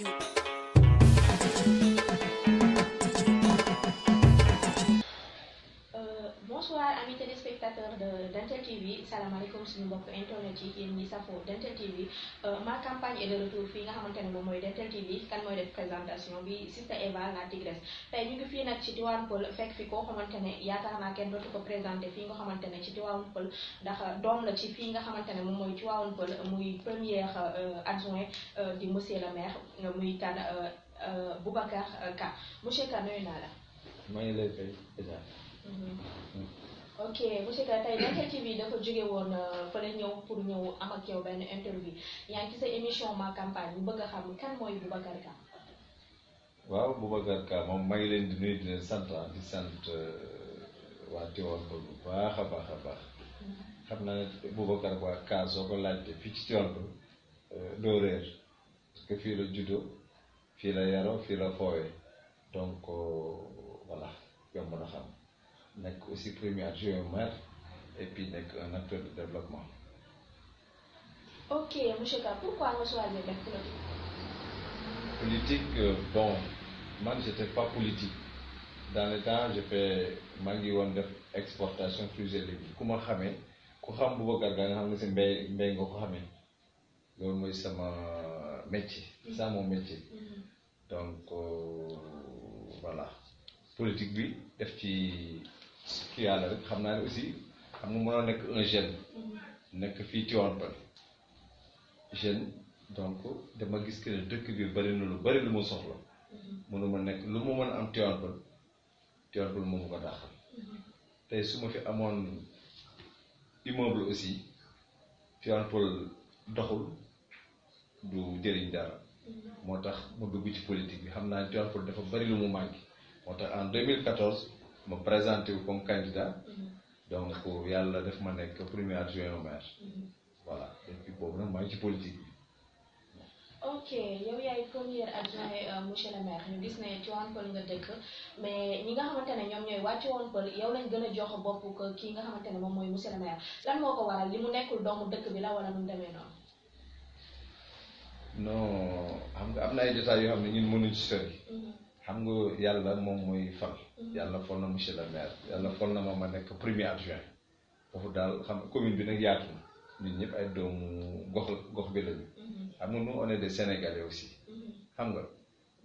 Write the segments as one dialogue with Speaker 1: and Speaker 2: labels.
Speaker 1: you. salaamaaleykum suñu mbokk internet yi yéen ñi safo Dental TV euh, ma campagne est de retour fii nga xamantene ne moom mooy Dental TV kan mooy def présentation bi Sister Eva la tigresse tey ñu ngi fii nag ci Tivaouane Peulh fekk fi koo xamantene ne yaakaar naa kenn dootu ko présenté fii nga xamantene ci Tivaouane Peulh ndax doom la ci fii nga xamantene ne moom mooy Tivaouane Peulh muy première euh, adjoint euh, di monsieur le maire muy kan Boubacar Ka monsieur Ka nooy naa la. maa ngi lay fay ok monsieur Ka tey Dental TV dafa jóge woon fële ñëw pour ñëw am yow benn interview yaa ngi sa émission ma campagne bu bëgg a xam kan mooy Boubacar Ka.
Speaker 2: waaw Boubacar Ka moom maa leen di nuyu leen sant ah, di sant euh, waa Tivaouane bu baax a baax a baax xam naa ne Boubacar Ka soo ko laajte fii ci Tivaouane Peulh euh, doo parce que fii la juddoo fii la yaroo fii la foowee donc euh, voilà yomb na xam. suis aussi premier adjoint au maire et puis nekk un acteur de développement.
Speaker 1: Ok, M. Ka, pourquoi vous choisissez la
Speaker 2: politique Politique, euh, bon, moi je n'étais pas politique. Dans le temps, j'ai fait mangi won def exportation Je et légumes. Comment xamé ku xam bu que nga xam nga je mbé mbé nga C'est xamé. Lool moy métier, ça mon métier. Mm-hmm. Donc euh, voilà. Politique bi def kii yàlla rek xam naa ne aussi xam nga mënoo nekk un jeune nekk fii Tivaouane Peulh jeune donc dama gis que ne dëkk bi bëri lu bari lu ma soxla mënuma nekk lu ma mën a am Tivaouane Peulh Tivaouane Peulh moom mu fi amoon immeuble aussi Tivaouane Peulh du jëriñ moo tax mu dugg ci politique bi xam naa ne Tivaouane Peulh dafa bëri lu mu manqué moo tax en 2014 ma présenté wu comme candidat mhm. donc yàlla def ma nekk premier adjoint au maire mhm. voilà depuis boobu nag maa ngi ci politique bi.
Speaker 1: ok yow yaay premier adjoint euh, monsieur le maire ñu gis ne Tivaouane Peulh nga dëkk mais ñi nga xamante ñoom ñooy waa Tivaouane Peulh yow lañ gën a jox bopp ko nga xamante moom mooy monsieur le maire lan moo ko waral li mu nekkul doomu dëkk bi la wala nu mu demee noonu.
Speaker 2: xam nga am na ay détails yoo xam ne ñun mënuñ ci sori. Mhm. xam nga yàlla moom mooy fal. Mm-hmm. yàlla fal na monsieur le maire yàlla fal na ma ma nekk premier adjoint foofu daal xam commune bi nag yaatu na ñun ñëpp ay doomu gox gox bi lañu. Mm-hmm. xam nga nous on est des aussi. Mm-hmm. xam nga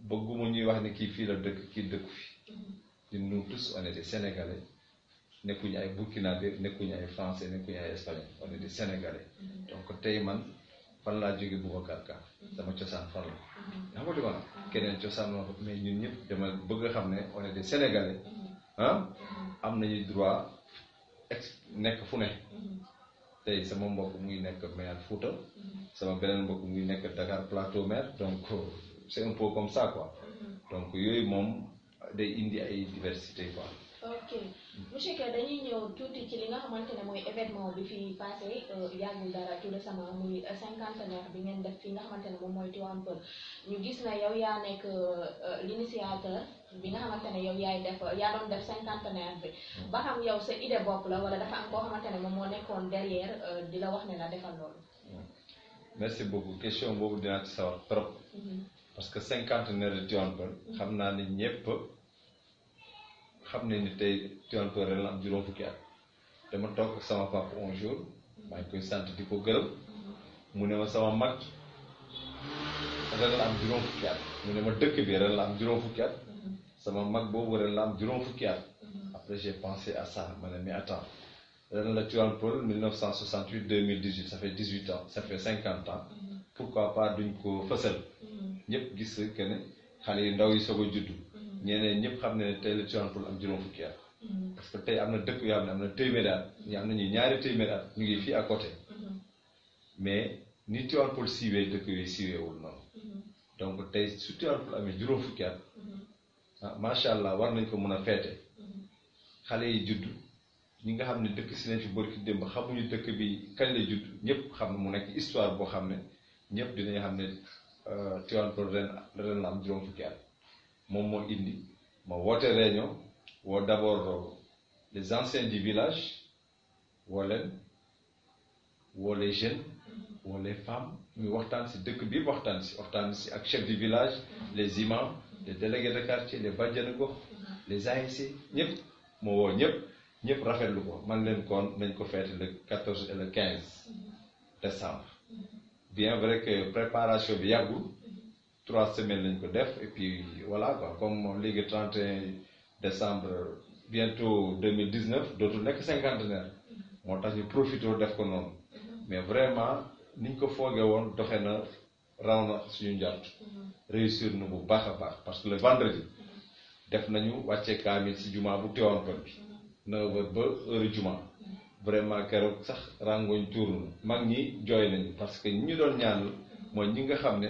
Speaker 2: bëgguma ñuy wax ne kii fii la dëkk kii dëkku
Speaker 3: fi
Speaker 2: ñun nous tous on est des nekkuñu ay burkinabé nekkuñu ay français nekkuñu ay espagnol on est des donc tey man. fan laa jóge Boubacar Ka sama cosaan fan la xam nga li ma la keneen cosaan la mais ñun ñëpp dama bëgg a xam ne on est des sénégalais mm-hmm. ah mm-hmm. am nañu droit ex nekk fu ne mm-hmm. tey sama mbokk muy nekk Mayane Fouta sama beneen mbokk muy nekk Dakar Plateau Mer donc euh, c'est un peu comme ça quoi donc yooyu moom day indi ay diversité quoi. ok
Speaker 1: monsieur Ka dañuy ñëw tuuti ci li nga xamante ne mooy événement bi fi passé yàggul dara tout récemment muy cinquantenaire bi ngeen def fi nga xamante ne moom mooy Tivaouane Peulh ñu gis na yow yaa nekk l'initiateur bi nga xamante ne yow yaay def yaa doon def cinquantenaire bi ba xam yow sa idée bopp la wala dafa am koo xamante ne moom moo nekkoon derrière eh, di la wax ne la defal loolu
Speaker 2: hmm. merci beaucoup question boobu dinaa ci sawar trop mm-hmm. parce que cinquantenaire de mm-hmm. xam naa ne ñëpp xam ne ni tey Tivaouane Peulh la am juróom fukki at dama toog ak sama papa un jour maa ngi koy sant di ko gërëm mu ne ma sama mag ren la am juróom fukki at mu ne ma dëkk bi ren la am juróom fukki at sama mag boobu ren la am juróom fukki at après j'ai pensé à ça ma ne mais attends ren la Tivaouane Peulh 1968 2018 ça fait 18 ans ça fait 50 ans pourquoi pas duñ ko fësal mm-hmm. ñëpp gis que ne xale yu ndaw yi soog a juddu ñeneen ñëpp xam ne tey la Tivaouane Peulh am juróom fukki at mm-hmm. parce que tey am na dëkk yoo xam ne am na ñu am nañu ñu ngi fii ak côté mm-hmm. mais ni Tivaouane Peulh siiwee dëkk yooyu siiweewul noonu mm-hmm. donc tey su Tivaouane Peulh amee juróom fukki at ah macha allah war nañ ko mën a feete xale yi judd ñi nga xam ne dëkk si nañ fi bërki démb xamuñu dëkk bi kañ la judd ñëpp xam ne mu nekk histoire boo xam ne ñëpp dinañ xam ne Tivaouane euh, Peulh ren ren la am juróom fukki at moom moo indi ma woote réunion woo d' abord les anciens du village woo leen woo les jeunes woo les femmes ñu waxtaan si dëkk bi waxtaan si waxtaan si ak chef du village les imams les délégués de quartier les bajjanu gox les ASC ñëpp moo woo ñëpp ñëpp rafetlu ko man leen kon nañ ko feete le 14 et le 15 décembre bien vrai que préparation bi yàggul. trois semaines lañ ko def et puis voilà quoi comme moom léegi 31 décembre bientôt 2019 dootul nekk cinquantenaire moo tax ñu profité def ko noonu mais vraiment niñ ko foogee woon doxe na raw na suñu njort réussir na bu baax a baax parce que le vendredi def nañu wàcce kaamil si juma bu teewoon kon bi 9h ba heure juma vraiment keroog sax rangoñ tuuru na mag ñi jooy nañu parce que ñi ñu doon ñaanal mooy ñi nga xam ne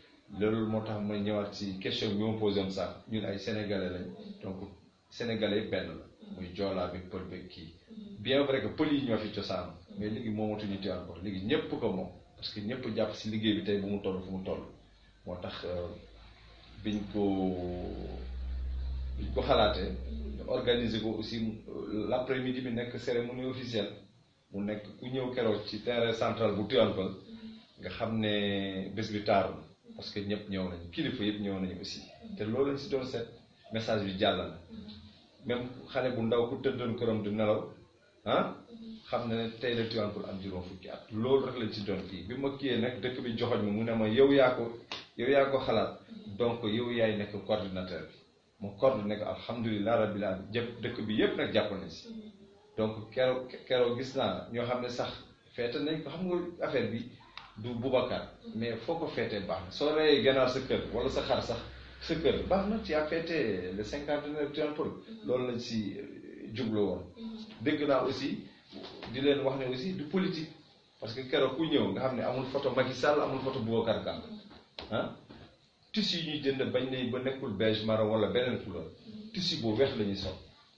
Speaker 2: loolu moo tax may ñëwaat si question bi ma posé woon sax ñun ay sénégalais lañ donc sénégalais benn la muy joolaa bi pël beeg kii bien vrai que pël yi ñoo fi cosaanu mais léegi moomatuñu Tivaouane Peulh léegi ñëpp ko moom parce que ñëpp jàpp si liggéey bi tey bu mu toll fu mu toll moo tax euh, biñ ko biñ ko xalaatee organiser ko aussi euh, l'après-midi bi nekk cérémonie officielle mu nekk ku ñëw keroog ci terrain central bu Tivaouane Peulh nga xam ne bés bi taaru parce que ñëpp ñëw nañu kilifa yëpp ñëw nañu aussi te loolu lañ si doon seet message bi jàll na même xale bu ndaw ku tëddoon këram du nelaw ah xam na ne tey la Tivaouane Peulh am juróom fukki at loolu rek lañ si doon kii bi ma kiyee nag dëkk bi joxoñ ma mu ne ma yow yaa ko yow yaa ko xalaat donc yow yaay nekk coordinateur bi mu coordonné ko alhamdulilah rabbil dëkk bi yëpp nag jàpp nañ si donc keroog keroog gis naa ñoo xam ne sax feete nañ ko affaire bi du boubacar mais foo ko feete baax na soo reyee ganaar sa kër wala sa xar sax sa kër baax na ci a fêté le cinquantenaire temple mm-hmm. loolu lañ si euh, jublu woon mm-hmm. dégg naa aussi di leen wax ne aussi du politique parce que keroog ku ñëw nga xam ne amul photo Macky Sall amul photo Boubacar Kane ah tissu yi ñuy jënd bañ lay ba nekkul beige mara wala beneen couleur tissu bu weex la ñuy sol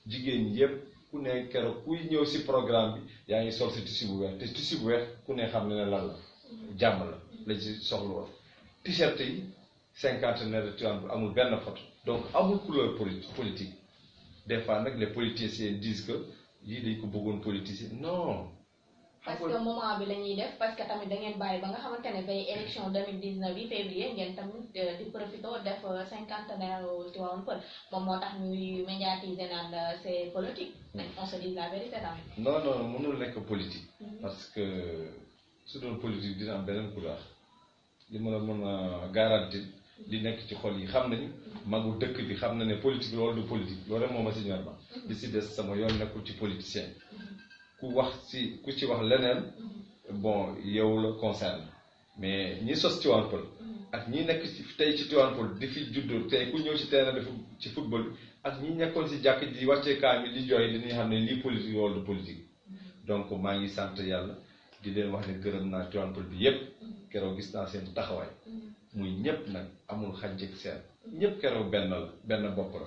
Speaker 2: jigéen yépp ku ne keroog kuy ñëw si programme bi yaa ngi sol si tissu bu weex te tissu bu weex ku ne xam ne lan la jàmm la la ci soxla woon t-shirt yi cinquantenaire de Tivaouane amul benn photo donc amul couleur politique des fois nag les politiciens disent que yii dañ ko bëggoon politicien non.
Speaker 1: parce que moment bi la ñuy def parce que tamit da ngeen bàyyi ba nga xamante ne élection 2019 bi février ngeen tamit euh, di profité def euh, cinquantenaire Tivaouane Peulh moom moo tax ñuy médiatiser naan euh, c'est politique. Hmm. on se dit la vérité tamit.
Speaker 2: non non mënul nekk politique. Hmm. parce que su doon politique dina am beneen couleur li ma la mën a garanti li nekk ci xol yi xam nañu magu dëkk bi xam na ne politique loolu du politique loolu rek moo ma si ñor ma li si des sama yoon nekkul ci politicien ku wax si ku ci wax leneen bon yow la concerne mais ñi sos Tivaouane Peulh ak ñi nekk ci tey ci Tivaouane di fi juddoo tey ku ñëw ci terrain dafa ci football ak ñi nekkoon si jàkk ji wàccee kaam yi di jooy dañuy xam ne lii politique loolu du politique donc maa ngi sant yàlla di leen wax ne gërëm naa Tivaouane bi yépp keroog gis naa seen taxawaay muy ñépp nag amul xajjëg seen ñépp keroo benn la benn bopp la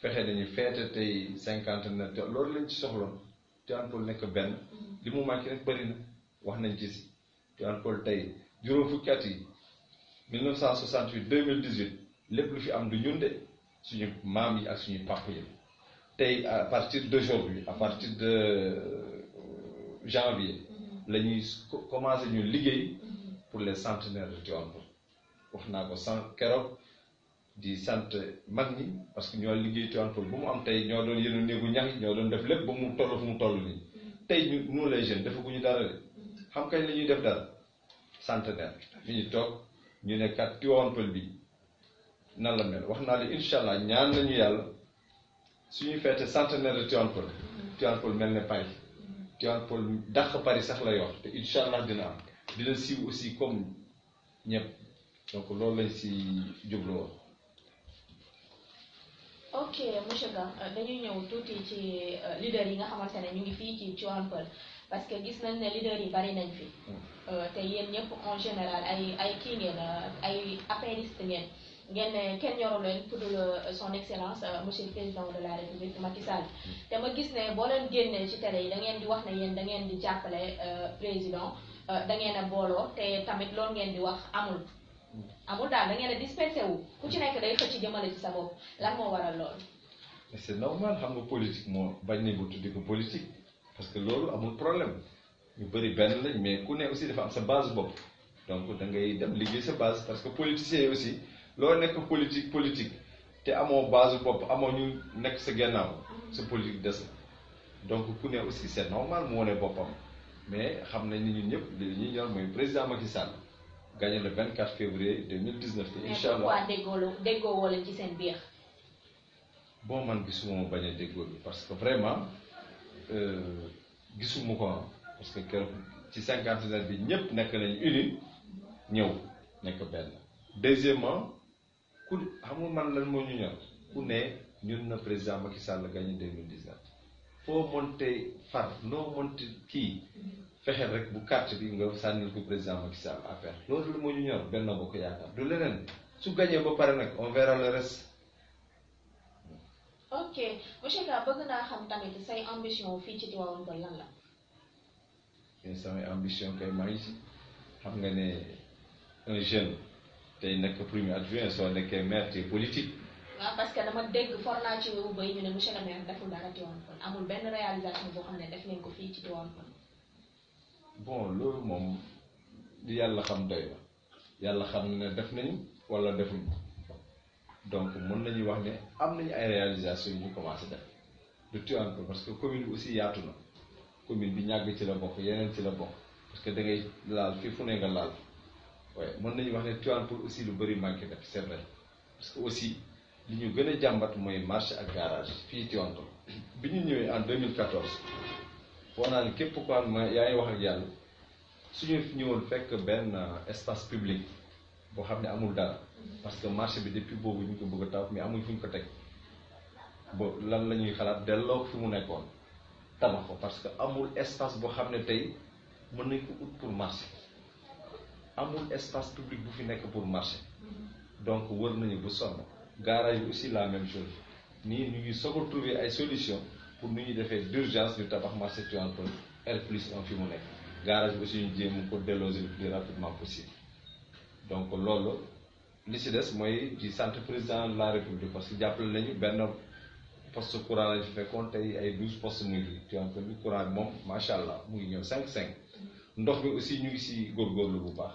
Speaker 2: fexe nañu feete tey cinquante na loolu lañ ci soxloon Tivaouane nekk benn li mu manqué nag bëri wax nañ ci si Tivaouane tey juróom fukki at yi 1968 2018 lépp lu fi am du ñun de suñu maam yi ak suñu pàpp yi tey à partir d'aujourd'hui à partir de euh, janvier lañuy ñuy commencé ñu liggéey pour les centenaires de Tivaouane Peulh wax naa ko sant keroog di sant mag ñi parce que ñoo liggéey Tivaouane bu mu am tey ñoo doon yéen néegu ñax ñoo doon def lépp ba mu toll fu mu toll nii tey ñu nous les jeunes defaguñu dara de xam kañ la ñuy def dara centenaire mi ñu toog ñu ne kat Tivaouane bi nan la mel wax naa ne incha allah ñaan nañu yàlla suñu feete centenaire de Tivaouane Peulh Tivaouane Peulh mel ne Pagne. Tivaouane Peulh dàq Paris sax lay wax te incha dina am dina siiw aussi comme ñep donc loolu lañ si jublu woon.
Speaker 1: ok monsieur Ga euh, dañuy ñëw touti ci euh, leader yi nga xamantene ñu ngi fi ci Tivaouane parce que gis nañ ne leader yi bari nañ fi. Mm. euh te yeen ñep en général ay ay kii ngeen euh, ay apériste ngeen. ngeen ne kenn yoru leen pour euh, son excellence euh, monsieur le président de la république Macky Sall te ma gis ne boo leen génnee ci télé yi da ngeen di wax ne yéen da ngeen di jàppale euh, président da ngeen a booloo te tamit loolu ngeen di wax amul amul daal da ngeen a dispersé wu ku ci nekk day xëcc jëmale ci sa bopp lan moo waral loolu
Speaker 2: c'est normal xam nga politique moo bañ ne bu tuddi ko politique parce que loolu amul problème ñu bëri benn lañ mais ku ne aussi dafa am sa donc da ngay dem liggéey sa base parce que politicien aussi loo nekk politique politique te amoo base bopp amoo ñu nekk sa politique donc ku ne aussi c'est normal mu wane boppam mais xam nañ ni ñun ñëpp li ñor président Macky gagné le 24 février
Speaker 1: 2019.
Speaker 2: bon man gisuma ma a parce que vraiment euh, ah. parce que ci 50 bi ñëpp nekk deuxièmement. ku xamul man la moo ñu ku ne ñun na président Macky Sall gagné deux mille dix-neuf foo monte far noo monte kii fexeel rek bu carte bi nga sànnil ko président Macky Sall affaire loolu la moo ñu ñor benn bokk yaakaar du leneen su gañee ba pare nag on verra le reste.
Speaker 1: ok monsieur Ka bëgg naa xam tamit say ambition fii ci Tivaouane Peulh lan la.
Speaker 2: Eh, samay ambition kay maa si xam nga ne un jeune. day nekk premier adjoint soo nekkee maire ci politique.
Speaker 1: waaw ah, parce que dama dégg for naa ci wu bay ñu ne monsieur le maire deful dara Tivaouane Peulh amul benn réalisation boo xam ne def nañ ko fii ci Tivaouane Peulh.
Speaker 2: bon loolu moom li yàlla xam doy la yàlla xam ne def nañ wala deful ko donc mën nañu wax ne am nañ ay réalisation yu commencé def de Tivaouane Peulh parce que commune bi aussi yaatu na commune bi ñàgg ci la bokk yeneen ci la bokk parce que da ngay laal fii fu ne nga laal. oui mën nañu wax ne Tivaouane pour aussi lu bëri manqué na fi c'est vrai parce que aussi li ñu gën a jàmbat mooy marché ak garage fii Tivaouane ya Peulh bi ñu ñëwee en 2014 foo naa ne képp ko am yaa ngi wax ak yàlla suñu ñëwoon fekk benn uh, espace public boo xam ne amul dara parce que marché bi depuis boobu ñu ko bëgg a taw mais amuñ fu ñu ko teg ba lan la ñuy xalaat delloo fi mu nekkoon tabax ko parce que amul espace boo xam ne tey mën nañ ko ut pour marché. amul espace public bu fi nekk pour marché donc wër nañu bu sonn garage bi aussi la même chose nii ñu ngi soog a trouver ay solution pour nu ñuy defee d'urgence ñu tabax marché Tivaouane Peulh R plus en fi mu nekk garage bi aussi ñu jéem ko déloger le plus rapidement possible donc loolu li si des mooy di centre président de la république parce que jàppale nañu benn poste courant lañu fekkoon tey ay 12 postes mu ngi Tivaouane Peulh bi courant bi moom macha allah mu ngi ñëw cinq ndox bi aussi ñu ngi si góorgóorlu bu baax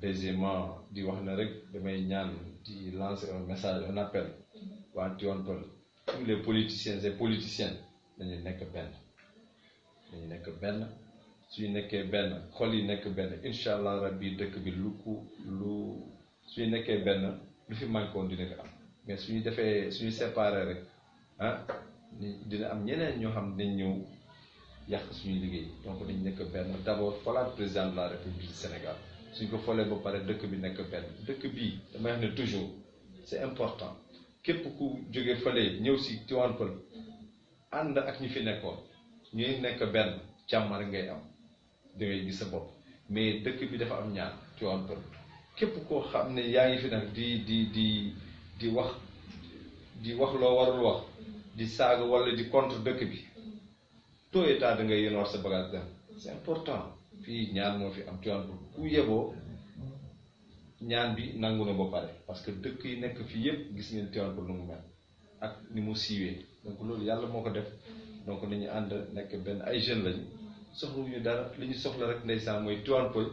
Speaker 2: deuxièmement di wax ne rek damay ñaan di lancer un message un appel waa Tivaouane Peulh tous les politiciens et politiciennes dañuy nekk benn dañu nekk benn suñu nekkee xol yi nekk benn incha allah rabbi dëkk bi lu lu suñu nekkee benn lu fi manquoon dina ko am mais suñu defee suñu séparé rek ah dina am ñeneen ñoo xam dañ ñëw yàq suñu liggéey donc dañu nekk benn d' abord voilà président la république du Sénégal Si ko folee ba pare dëkk bi toujours c'est important képp ku nous fële ñëw si ak fi ngay am sa mais dëkk bi dafa am ñaar képp koo xam ne fi nag di di di di wax di wax warul wax di wala di contre bi da ngay sa c'est important fi ñaan moo fi am tuwaan bu ku yeboo ñaan bi nangu na ba pare parce que dëkk yi nekk fi yëpp gis ngeen tuwaan bu nu mu mel ak ni mu siiwee donc loolu yàlla moo ko def donc nañu ànd nekk benn ay jeune lañu soxlawuñu dara li ñu soxla rek ndeysaan mooy tuwaan poy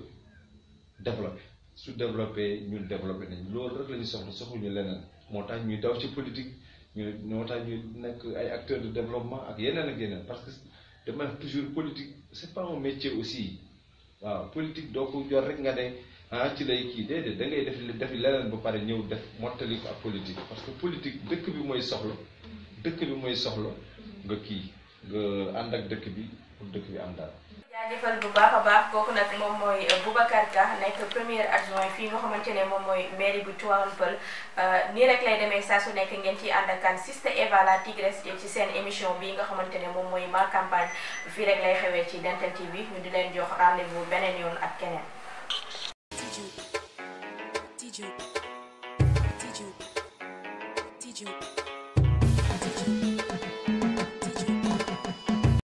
Speaker 2: développé su développé ñun développé nañ loolu rek la ñu soxla soxluñu leneen moo tax ñuy daw ci politique ñu moo tax ñuy nekk ay acteurs de développement ak yeneen ak yeneen parce que de manière toujours politique c'est pas un métier aussi waaw politique doo ko jor rek nga ne ah ci lay kii déedéet da ngay def defi leneen ba pare ñëw def mottali ko ak politique parce que politique dëkk bi mooy soxla dëkk bi mooy soxla nga kii nga ànd ak dëkk bi pour dëkk bi am dara
Speaker 1: jaajëfal bu baax a baax kooku nag moom mooy euh, Boubacar Ka nekk premier adjoint fii nga xamante ne moom mooy mairie bu Tivaouane Peulh euh, nii rek lay demee saa su nekk ngeen ciy ànd ak Siste Eva la Tigresse ci seen émission bi nga xamante ne moom mooy ma campagne fii rek lay xewee ci Dentale TV ñu di leen jox rendez-vous beneen yoon ak keneen.